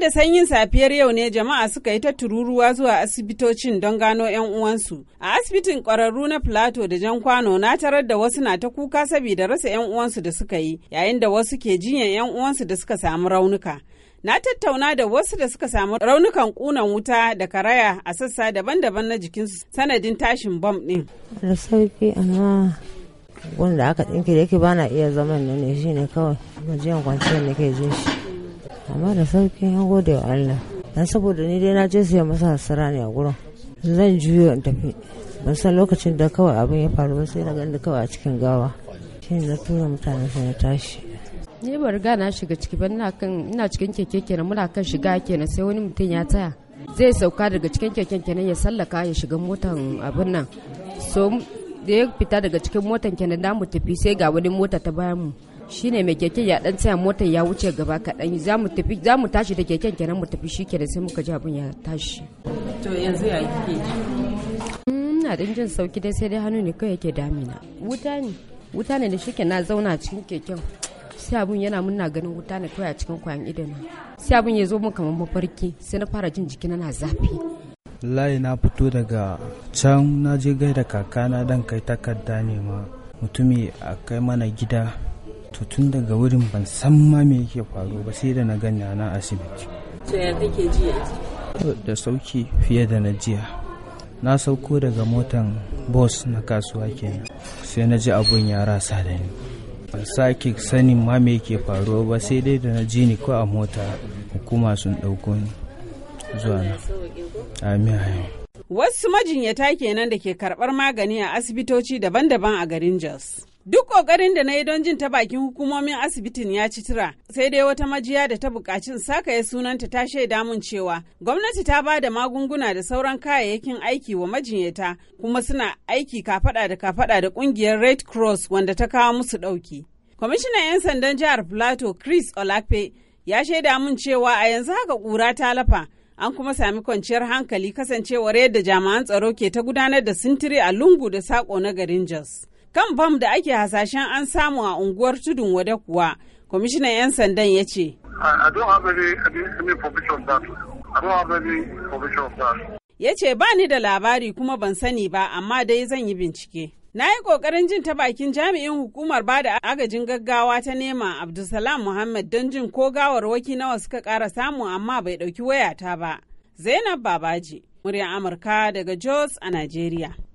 da sanyin safiyar yau ne jama'a suka yi ta tururuwa zuwa asibitocin don gano 'yan uwansu. A asibitin kwararru na Plato da Jan Kwano na tarar da wasu na ta kuka saboda rasa 'yan uwansu da suka yi, yayin da wasu ke jinyar 'yan uwansu da suka samu raunuka. Na tattauna da wasu da suka samu raunukan kunan wuta da karaya a sassa daban-daban na jikinsu sanadin tashin bom ɗin. Da sauki amma wanda aka tsinke da yake bana iya zaman nan ne shine kawai majiyan kwanciyar nake jin shi. amma da sauƙi an gode wa Allah dan saboda ni dai na je siya masa hasara ne a gurin zan juyo in tafi ban san lokacin da kawai abin ya faru ba sai na gani kawai a cikin gawa shi na tura mutane sai na tashi ni ba riga na shiga ciki ba ina kan ina cikin keke kenan muna kan shiga kenan sai wani mutum ya taya zai sauka daga cikin keken kenan ya sallaka ya shiga motan abin nan so da ya fita daga cikin motan kenan da mu tafi sai ga wani mota ta bayan mu shine mai keken ya dan tsaya motar ya wuce gaba kaɗan za mu tafi za mu tashi da keken kenan mu tafi shi kenan sai muka ji abun ya tashi to yanzu ya kike mm, ina dan jin sauki dai sai dai hannu ne kai yake damina wuta ne wuta ne da shike na zauna cikin keken sai abun yana muna ganin wuta ne kai a cikin kwayan idanu sai abun ya zo mun kamar mafarki sai na fara jin jikina na zafi layi na fito daga can na je gaida kakana dan kai takarda ne ma mutumi a kai mana gida to tun daga wurin ban san ma me yake faru ba sai da na ganya na asibiti to ya kake ji da sauki fiye da na jiya na sauko daga motan bus na kasuwa kenan sai na ji abun ya rasa da ni ban sake sanin ma me yake faruwa ba sai dai da na ji ni ko a mota hukuma sun ɗauko ni zuwa na amin wasu majinyata kenan da ke karɓar magani a asibitoci daban-daban a garin jos Duk ƙoƙarin da na yi don jin ta bakin hukumomin asibitin ya ci tura, sai dai wata majiya da ta bukaci in saka ya sunanta ta shaida mun cewa gwamnati ta ba da magunguna da sauran kayayyakin aiki wa majinyata kuma suna aiki kafaɗa da kafaɗa da ƙungiyar Red Cross wanda ta kawo musu ɗauki. Kwamishinan 'yan sandan jihar Plateau Chris Olape ya shaida mun cewa a yanzu haka kura ta lafa. an kuma sami kwanciyar hankali kasancewar yadda jami'an tsaro ke ta gudanar da sintiri a lungu da sako na garin Jos. kan bam da ake hasashen an samu a unguwar tudun wada kuwa kwamishinan 'yan sandan ya ce ya ce ba ni da labari kuma ban sani ba amma dai zan yi bincike na yi kokarin jin ta bakin jami'in hukumar ba da agajin gaggawa ta nema abdulsalam muhammad don jin ko gawar waki nawa suka kara samu amma bai dauki wayata ba zainab babaji muryar amurka daga jos a najeriya